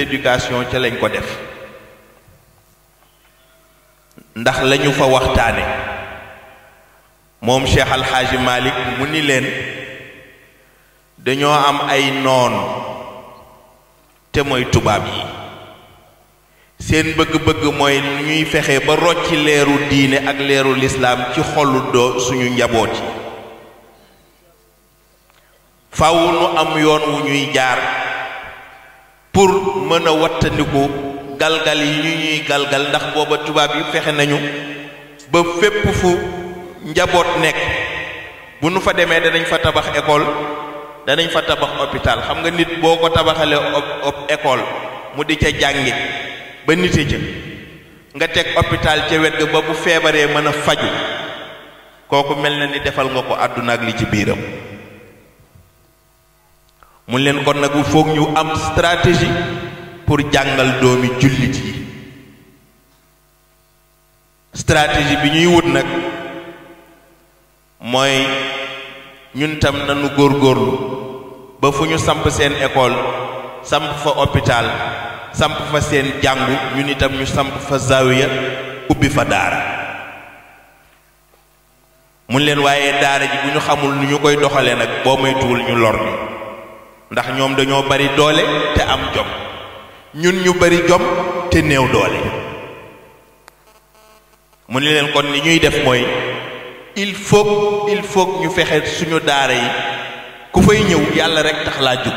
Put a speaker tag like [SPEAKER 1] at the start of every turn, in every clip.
[SPEAKER 1] l'éducation ca lañ ko def ndax lañu fa waxtaane moom Cheikh Al Hadji mu ni leen dañoo am ay noon te mooy tubaab yi seen bëgg-bëgg mooy ñuy fexe ba rocci leeru diine ak leeru lislaam ci xolu doo suñu njaboot yi faaw nu am yoon wu ñuy jaar pour mën a wattandiku galgal yi ñu ñuy galgal ndax booba tubaab yi fexe nañu ba fépp fu njaboot nekk bu nu fa demee danañ fa tabax école danañ fa tabax hôpital xam nga nit boo ko tabaxalee op école mu di ca jàngi ba nite ca nga teg hôpital ca wet ga ba bu feebaree mën a faju kooku mel na ni defal nga ko àdduna ak li ci biiram mu leen kon nag foog ñu am stratégie pour jàngal doomi jullit yi stratégie bi ñuy wut nag mooy ñun tam góor góorgóorlu ba fu ñu samp seen école samp fa hôpital samp fa seen jàngu ñun itam ñu samp fa zawiya ubbi fa daara mun leen waaye daara ji bu ñu xamul nu ñu koy doxalee nag boo moytuwul ñu lor ni ndax ñoom dañoo bari doole te am jom ñun ñu bari jom te néew doole mu ni leen kon li ñuy def mooy il faut il faut ñu fexe suñu daara yi ku fay ñëw yàlla rek tax laa jóg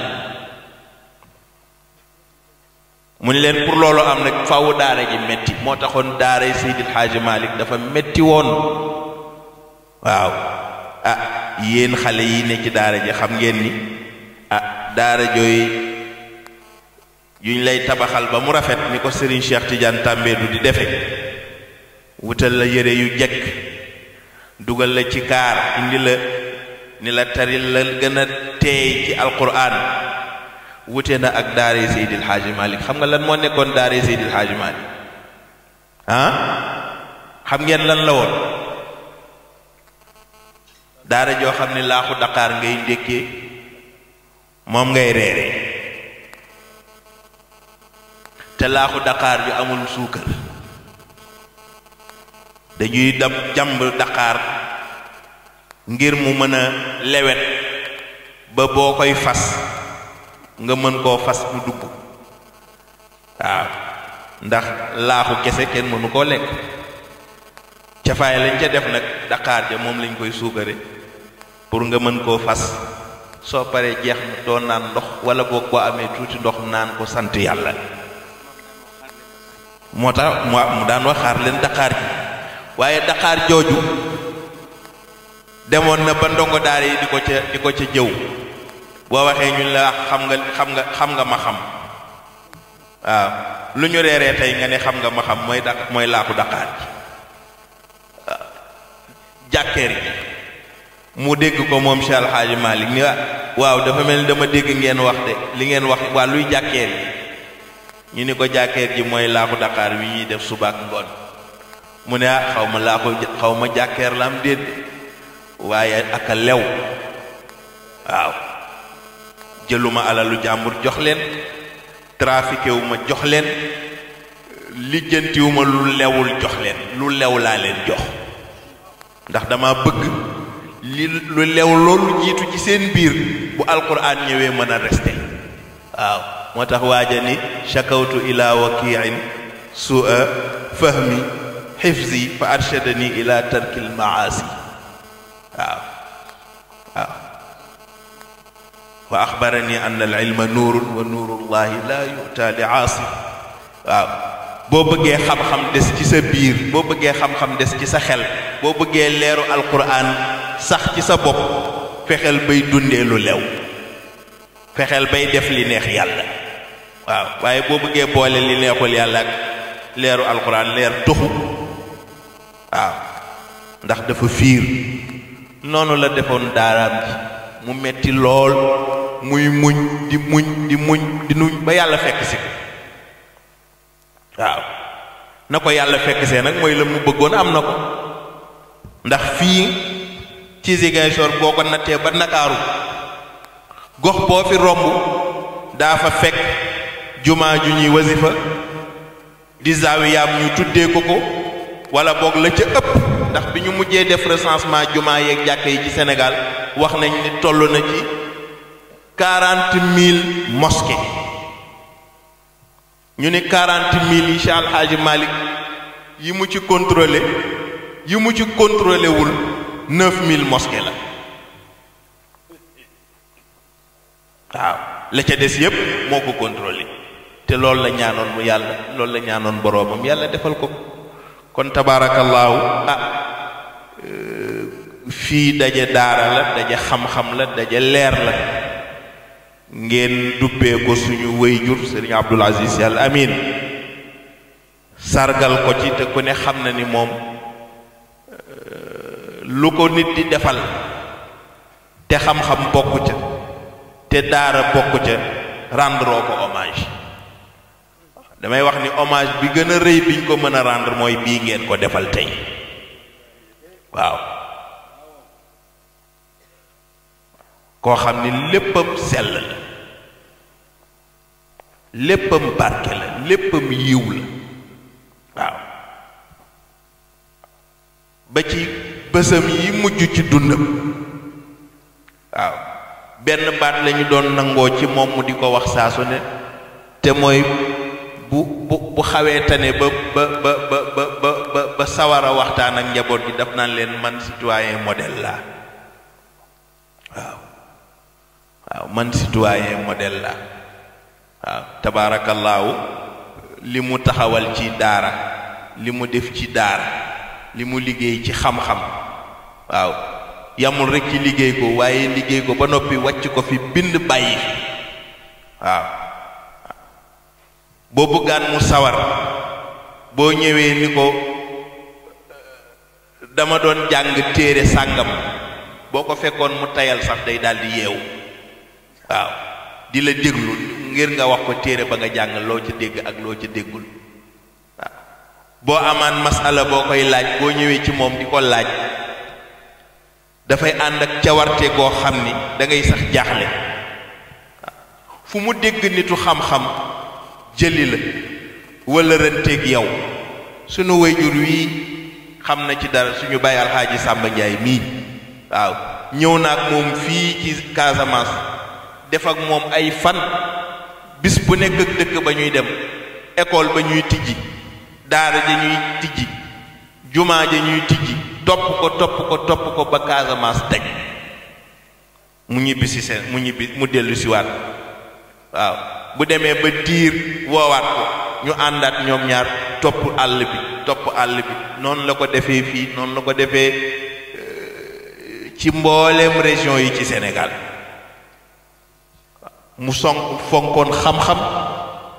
[SPEAKER 1] mu ni leen pour loolu am nag faw daara ji metti moo taxoon daara yi Seydil Hadji Malick dafa metti woon waaw ah yéen xale yi ne ci daara ji xam ngeen ni ah daara jooy yuñ lay tabaxal ba mu rafet ni ko Serigne Cheikh Tidiane Tambédou di defe wutal la yére yu jekk dugal la ci kaar indi la ni la taril la gën a teey ci alquran wute na ak yi Seydil Hadji Malick xam nga lan moo nekkoon daare Seydil Hadji Malick ah xam ngeen lan la woon daara joo xam ne laaxu Dakar ngay ndékkee moom ngay reere te laaxu daqaar bi amul suukar dañuy dam jàmb daqaar ngir mu mën a lewet ba boo koy fas nga mën koo fas mu dugg waaw ndax laaxu kese kenn mënu koo lekk cafaay lañ ca def nag daqaar ja moom lañ koy suukare pour nga mën koo fas soo paree jeex doo naan ndox wala boog boo amee tuuti ndox naan ko sant yàlla moo tax mu daan waxaar leen daqaar ji waaye daqaar jooju demoon na ba ndongo daal yi di ko ca di ko ca jëw boo waxee ñu la xam nga xam nga xam nga ma xam waaw lu ñu reere tey nga ne xam nga ma xam mooy da mooy laaku daqaar ji jàkkeer yi mu dégg ko moom Cheikh Alxaaji Malik ni ah, waaw dafa mel ni dama dégg ngeen wax de li ngeen wax waa luy jàkkeer ji ñu ni ko jàkkeer ji mooy laaxu daqaar wi ñuy def subaak ngoon mu ne ah xaw ma laa ko xaw ma jàkkeer la am waaye ak lew waaw jëluma alalu jàmbur jox leen trafiqué wu ma jox leen lijjantiwuma ma lu lewul jox leen lu lew laa leen jox ndax dama bëgg lu lew lolou jitu ci sen bir bu alquran ñewé mëna a resté waaw motax wajani shakawtu ila waqi'in sua fahmi hifzi fa arshadani ila tarkil maasi waaw waaw wa akhbarani anna al ilma nurun wa nuurullahi la yuta li'asi waaw bo bëggee xam-xam dess ci sa bir bo bëggee xam-xam dess ci sa xel bo bëggee leeru alquran sax ci sa bop fexel bay dundé lu lew fexel bay def li neex yàlla waaw waye bo bëggé boole li neexul yàlla ak leeru alquran leer tuxu waaw ndax dafa fiir nonu la defon daaraam ji mu metti lool muy muñ di muñ di muñ di nuñ ba yàlla fekk ci waaw nako yàlla fekk see nak moy la mu bëggoon am nako ndax fi ci Ziguinchor boo ko nattee ba Ndakaaru gox boo fi romb daa fa fekk jumaa ju ñuy wasifa di zaawiyaam ñu tuddee ko ko wala boog la ca ëpp ndax bi ñu mujjee def recensement jumaa yeeg jàkk yi ci senegal wax nañ ni toll na ci quarante ñu ni quarante mille yi Cheikh Alhaaji Malick yi mu ci contrôlé yi mu ci contrôlé wul 9000 mosquées la waaw la ca des yépp moo ko contrôlé te loolu la ñaanoon mu yàlla loolu la ñaanoon boroomam yàlla defal ko kon tabaarakallaahu ah euh, fii daje daara la daje xam-xam la daje leer la ngeen dubbee ko suñu wéyjur sëriñ Abdul Aziz Al Amin sargal ko ci te ku ne xam na ni moom lu ko nit di defal te xam-xam bokk ca te daara bokk ca rendroo ko hommage damay wax ni hommage bi gën a rëy biñ ko mën a rendre mooy bii ngeen ko defal tey waaw koo xam ni léppam sell la léppam barke la léppam yiw la waaw ba ci bësam yi mujj ci dundam waaw benn baat lañu doon nangoo ci moom mu di ko wax saa su ne te mooy bu bu xawee tane ba ba ba ba ba waxtaan ak njaboot gi daf naan leen man citoyen modèle la waaw waaw man citoyen modèle la waaw tabaarakallaahu li mu taxawal ci daara li mu def ci daara li mu liggéey ci xam-xam waaw yamul rek ci liggéey ko waaye liggéey ko ba noppi wàcc ko fi bind bàyyi waaw boo bëggaan mu sawar boo ñëwee ni ko dama doon jàng téere sàngam boo ko fekkoon mu tayal sax day daldi yeewu waaw di la déglu ngir nga wax ko téere ba nga jàng loo ca dégg ak loo ca déggul waaw boo amaan masala boo koy laaj boo ñëwee ci moom di ko laaj dafay ànd ak cawarte goo xam ni dangay sax jaaxle fu mu dégg nitu xam-xam jëli la wala renteeg yow sunu wayjur wii xam na ci dara suñu bàyyi alxaaji Sàmba Njaay mii waaw ñëw naag moom fii ci Casamance def ak moom ay fan bis bu nekk ak dëkk ba ñuy dem école ba ñuy tijji daara ja ñuy tijji jumaa ja ñuy tijji top ko top ko top ko ba casamance tej mu ñibi ci sen mu ñibi mu delu ci wat waaw bu demee ba diir woowaat ko ñu andat ñom ñaar top all bi top all bi non la ko defee fi non la ko defee ci mbollem région yi ci sénégal mu son fonkon xam-xam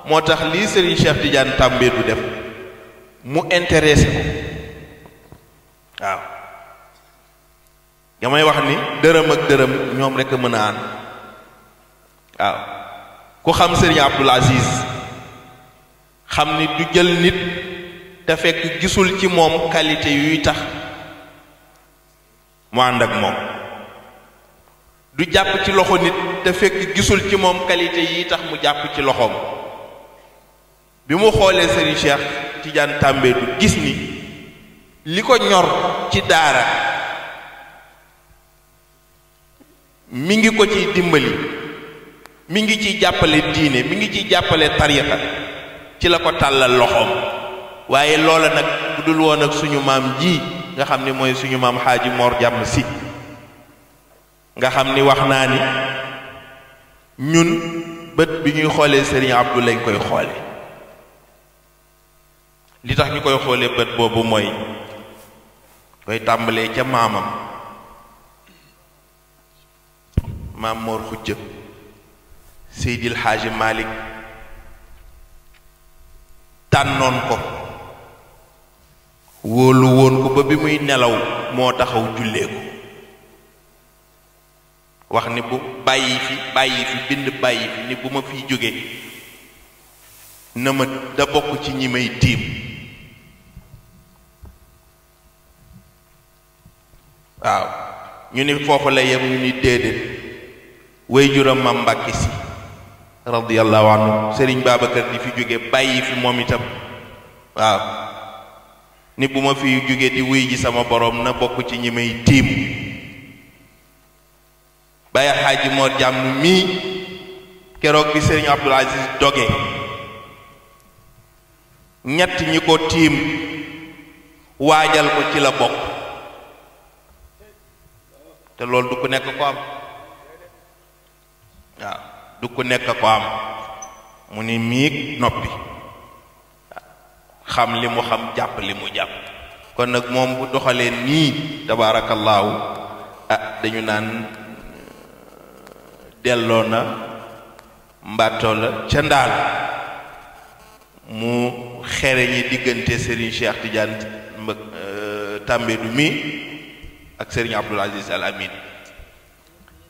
[SPEAKER 1] motax li serigne cheikh tidiane tambe du def mu intéressé waaw damay wax ni dërëm ak dërëm ñoom rekk a mën a ànd waaw ku xam Serigne Abdoul Aziz xam ni du jël nit te fekk gisul ci moom qualité yuy tax mu ànd ak moom du jàpp ci loxo nit te fekk gisul ci moom qualité yi tax mu jàpp ci loxoom bi mu xoolee Serigne Cheikh Tidiane Tambédou gis ni li ko ñor ci dara mi ngi ko ci dimbali mi ngi ci jappale diine mi ngi ci jappale tariqa ci la ko talal loxom waye lola nak budul won ak suñu mam ji nga xamni moy suñu mam haji mor jam si nga xamni waxna ni ñun bët bi ñuy xoolee sëriñ lañ koy xolé li tax ñukoy xolé bobu moy koy tàmbalee ca maamam maam moor xujja seydil xaaji malik tànnoon ko wóolu woon ko ba bi muy nelaw moo taxaw jullee wax ni bu bàyyi fi bàyyi fi bind bàyyi fi ni bu ma fiy jóge na da bokk ci ñi may tiim waaw ñu ni foofu la ñu ni déedéet way juram mam mbàkki si radiallahu anhu sëriñ Babacar di fi jóge bàyyi fi moom itam waaw ni bu ma fi jóge di wuy ji sama borom na bokk ci ñi may tiim bàyyi xaaji moor jàmm mii keroog bi sëriñ Abdul Aziz doge ñett ñi ko tiim waajal ko ci la bokk te loolu du ku nekk ko am waaw du ku nekk ko am mu ni miig noppi xam li mu xam jàpp li mu jàpp kon nag moom bu doxalee nii tabaarakallaahu ah dañu naan delloo na mbàttoo la ca ndaal mu xere ñi diggante Serigne Cheikh Tidiane euh, Tamba du mi ak serigne abdul aziz al amin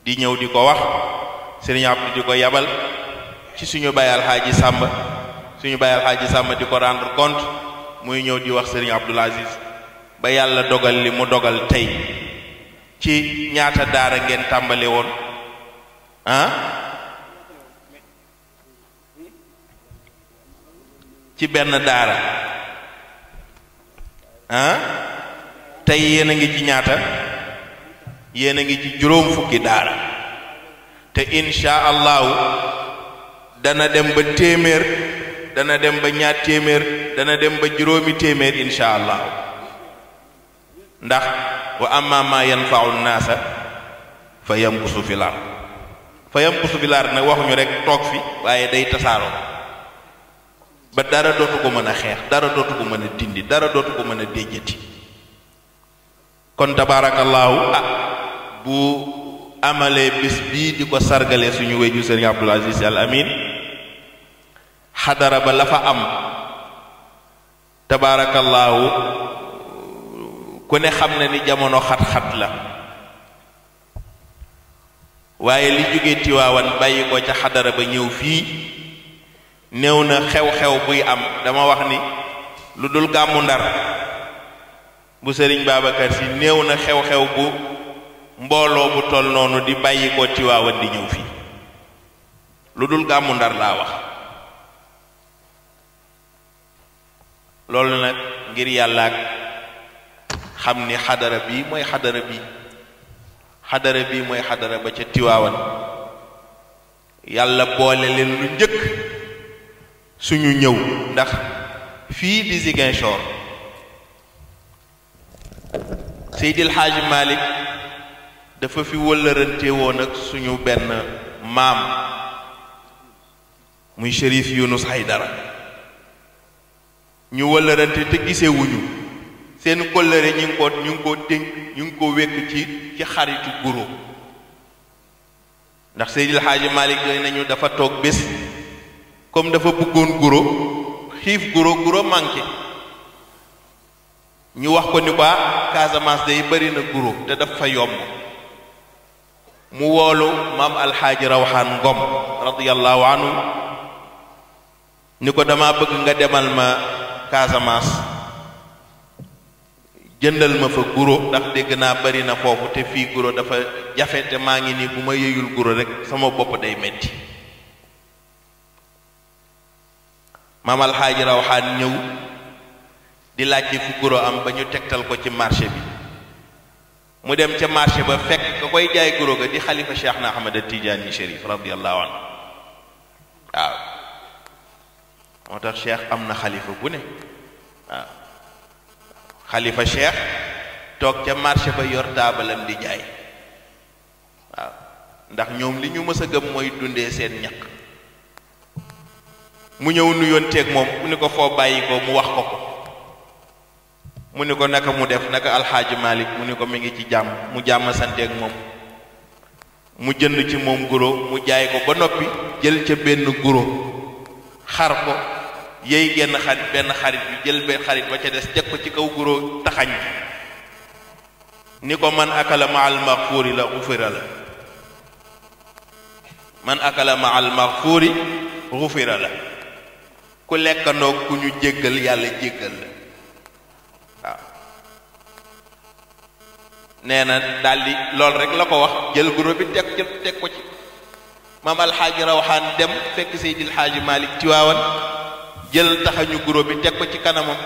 [SPEAKER 1] di ñew ko wax serigne abdou ko yabal ci suñu bayal haji samba suñu bayal haji samba ko rendre compte muy ñew di wax serigne abdul aziz ba yalla dogal li mu dogal tay ci ñaata daara ngeen tambalé won han ci ben daara han tay yéen ngi ci ñaata yéen ngi ci juroom fukki daara te insha allah dana dem ba témèr dana dem ba ñaat témèr dana dem ba juroomi témèr insha allah ndax wa amma ma yanfa'u an-nasa fa fil ard fa yamkusu ard nag waxuñu rek tok fi waye day tassaro ba dara dotu ko meuna xex dara dotu ko meuna dindi dara dotu ko meuna dejeeti kon tabaarakallaahu ak ah, bu amalee bis bii di ko sargale suñu wéju sëriñ Abdul Aziz Al Amin xadara ba la fa am tabaarakallaahu ku ne xam na ni jamono xat-xat la waaye li jóge Tiwaawan bàyyi ko ca xadara ba ñëw fii néew na xew-xew buy am dama wax ni lu dul gàmmu Ndar bu sëriñ Babacar si néew na xew-xew bu mbooloo bu toll noonu di bàyyi ko ci di ñëw fii lu dul gàmmu ndar laa wax loolu nag ngir yàlla xam ni xadara bii mooy xadara bi xadara bi mooy xadara ba ca tiwaawan yàlla boole leen lu njëkk suñu ñëw ndax fii di Ziguinchor Seydil Xaaji Malik dafa fi wëllërante woon ak suñu benn maam muy Chérif Yunus dara ñu wëllërante te gisewuñu seen kóllëre ñu ngi ko ñu ngi ko tënk ñu ngi ko wékk ci xaritu guro ndax Seydil Xaaji Malik day nañu dafa toog bés comme dafa bëggoon guro xiif guro guro manqué ñu wax ko ni ko ah, Casamance day bari na guro te daf fa yomb mu woolu maam alxaaji rawxaan ngom radiyallahu anhu ni ko dama bëgg nga demal ma Casamance jëndal ma fa guro ndax dégg naa bari na foofu te fii guro dafa jafe te maa ngi nii bu ma yëyul guro rek sama bopp day metti maam alxaaji rawxaan ñëw di laaj ji guro am ba ñu tegtal ko ci marché bi mu dem ca marché ba fekk ka koy jaay guro ga di xalifa cheikh na ahmad tijaani sharif radiallahu anhu waaw moo tax cheikh am na xalifa bu ne waaw xalifa cheikh toog ca marché ba yor taabalam di jaay waaw ndax ñoom li ñu mës a gëm mooy dundee seen ñaq mu ñëw nuyoon teeg moom mu ni ko foo bàyyi ko mu wax ko ko mu ni ko naka mu def naka alxaaji Malick mu ni ko mi ngi ci jàmm mu jàmm santeeg moom mu jënd ci moom guro mu jaay ko ba noppi jël ca benn guro xar ko yey genn xarit benn xarit bi jël benn xarit ba ca des teg ko ci kaw guro taxañ ni ko man akala ma al maxfuuri la xufira la man akala ma ku lekkandoog ku ñu jéggal yàlla jéggal nee na daal di loolu rek la ko wax jël guro bi teg teg ko ci maam alxaaji rawxaan dem fekk seydil xaaji malik tiwaawan jël taxañu guro bi teg ko ci kanamam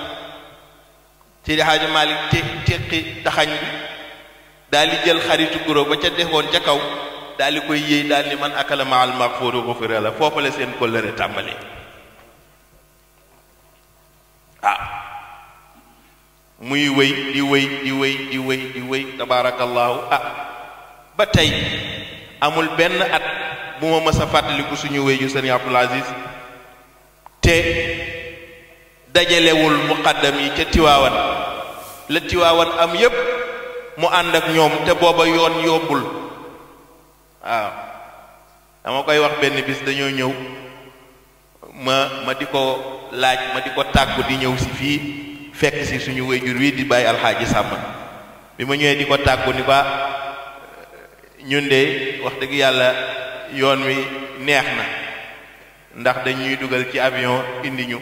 [SPEAKER 1] seydil xaaji malik te teqi taxañ bi daal di jël xaritu guro ba ca defoon ca kaw daal di koy yéey daal di man akala ma al maxfuuru la foofu la seen kóllëre tàmbali muy wéy di wéy di wéy di wéy di wéy ah, ba tey amul benn at bu ma mës a fàttaliku suñu wéy yu sëriñ Abdul te dajalewul muqaddam yi ca tiwaawan la tiwaawan am yépp mu ànd ak ñoom te booba yoon yombul waaw dama koy wax benn bis dañoo ñëw ma ma di ko laaj ma di ko tàggu di ñëw si fii fekk ci suñu wayjur wi di bay alhaji sama. bima ma di ko tàggu ni ba ñun dé wax dëgg yalla yoon wi neexna ndax dañuy duggal ci avion indi ñu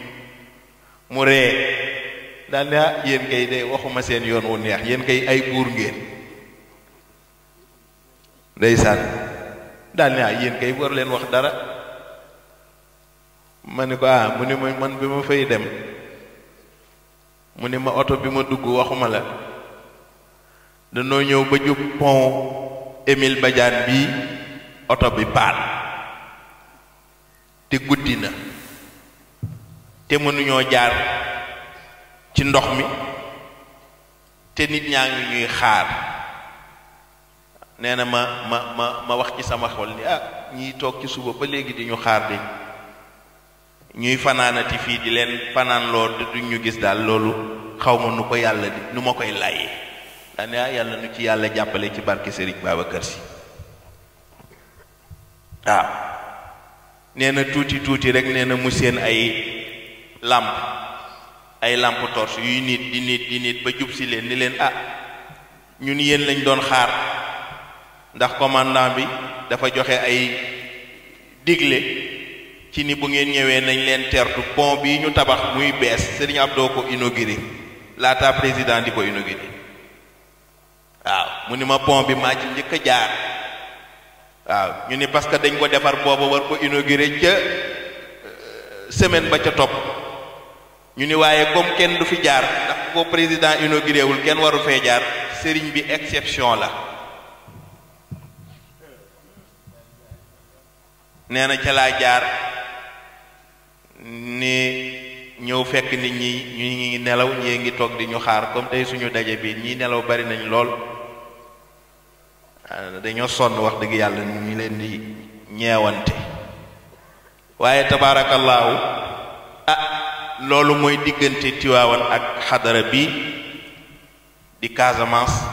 [SPEAKER 1] mu ré dal na ah, yeen kay de waxuma seen yoon wu neex yeen kay ay buur ngeen ndeysaan dal na ah, yeen kay war leen wax dara mané ko ah mune ne man bima fay dem mu ne ma oto bi ma dugg waxuma la danoo ñëw ba jub pont Émile Badiane bii oto bi paan te guddi na te mënuñoo jaar ci ndox mi te nit ñaa ngi ñuy xaar nee na ma ma ma wax ci sama xol ni ah ñiy toog ci suba ba léegi di ñu xaar de ñuy fanaanati fii di leen fanaan loo duñ ñu gis daal loolu xaw ma nu ko yàlla di nu ma koy laye daane ah yàlla nu ci yàlla jàppale ci barke Serigne Babacar kër si ah. nee na tuuti tuuti rek nee mu séen ay làmp ay làmp torche yuy nit di nit di nit ba jub si leen ni leen ah ñun yéen lañ doon xaar ndax commandant bi dafa joxe ay digle ci ni bu ngeen ñewé nañ leen tertu pont bi ñu tabax muy bes sering abdo ko inauguré lata président diko ko inauguré waaw mu ni ma pont bi ma ci ñëk jaar waaw ñu ni parce que dañ ko défar bobu war ko inauguré ci euh, semaine ba ca top ñu ni waaye comme kenn du fi jaar ndax ko président inauguré wul kenn waru fe jaar serigne bi exception la nee ci la jaar ñëw fekk nit ñi ñu ngi nelaw ñi ngi toog di ñu xaar comme tey suñu daje bi ñi nelaw bari nañ lool ah, dañoo sonn wax dëgg yàlla ñu leen di ñeewante waaye tabaarakallaahu ah loolu mooy diggante Tiwaawan ak xadara bi di Casamance